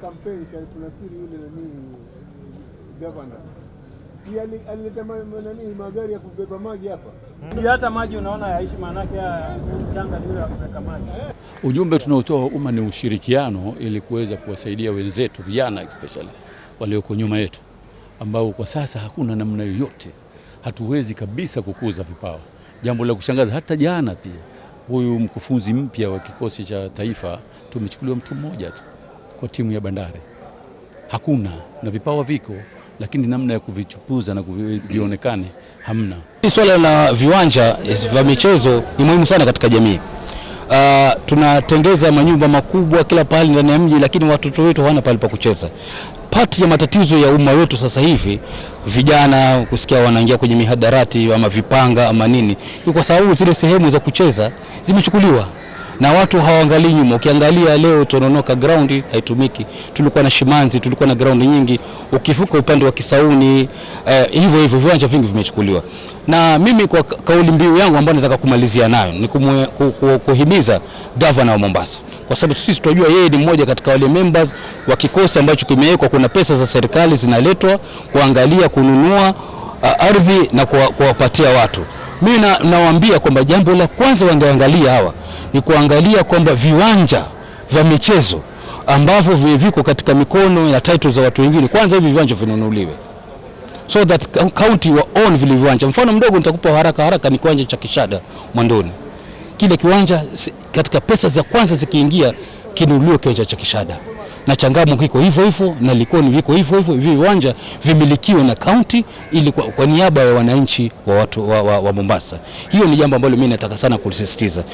kampeni Sharifu Nasiri yule nani gavana si alileta nani magari ya kubeba maji hapa hata maji unaona yaishi, maanake mchanga maji. Ujumbe tunaotoa umma ni ushirikiano, ili kuweza kuwasaidia wenzetu vijana especially walioko nyuma yetu, ambao kwa sasa hakuna namna yoyote, hatuwezi kabisa kukuza vipawa. Jambo la kushangaza, hata jana pia huyu mkufunzi mpya wa kikosi cha taifa tumechukuliwa mtu mmoja tu kwa timu ya Bandari, hakuna na vipawa viko lakini namna ya kuvichupuza na kuvionekane hamna. hii Swala la viwanja eh, vya michezo ni muhimu sana katika jamii. Uh, tunatengeza manyumba makubwa kila pahali ndani ya mji, lakini watoto wetu hawana pahali pa kucheza pati ya matatizo ya umma wetu sasa hivi, vijana kusikia wanaingia kwenye mihadarati ama vipanga ama nini, ni kwa sababu zile sehemu za kucheza zimechukuliwa na watu hawaangalii nyuma. Ukiangalia leo Tononoka ground haitumiki, tulikuwa na Shimanzi, tulikuwa na ground nyingi. Ukivuka upande wa Kisauni eh, hivyo eh, hivyo viwanja vingi vimechukuliwa. Na mimi kwa kauli mbiu yangu ambayo nataka kumalizia nayo ni kuhimiza gavana wa Mombasa kwa sababu sisi tunajua yeye ni mmoja katika wale members wa kikosi ambacho kimewekwa. Kuna pesa za serikali zinaletwa kuangalia kununua eh, ardhi na kuwapatia watu mimi na, nawaambia kwamba jambo la kwanza wangeangalia hawa ni kuangalia kwamba viwanja vya michezo ambavyo viko katika mikono na title za watu wengine, kwanza hivi viwanja vinunuliwe so that county wa own vile viwanja. Mfano mdogo nitakupa haraka haraka, ni kiwanja cha Kishada Mwandoni. Kile kiwanja katika pesa za kwanza zikiingia, kinunuliwe kiwanja cha Kishada na Changamu iko hivyo hivyo na Likoni iko hivyo hivyo. Hivi viwanja vimilikiwe na kaunti ili kwa, kwa niaba ya wananchi wa, wa, wa, wa Mombasa. Hiyo ni jambo ambalo mimi nataka sana kulisisitiza.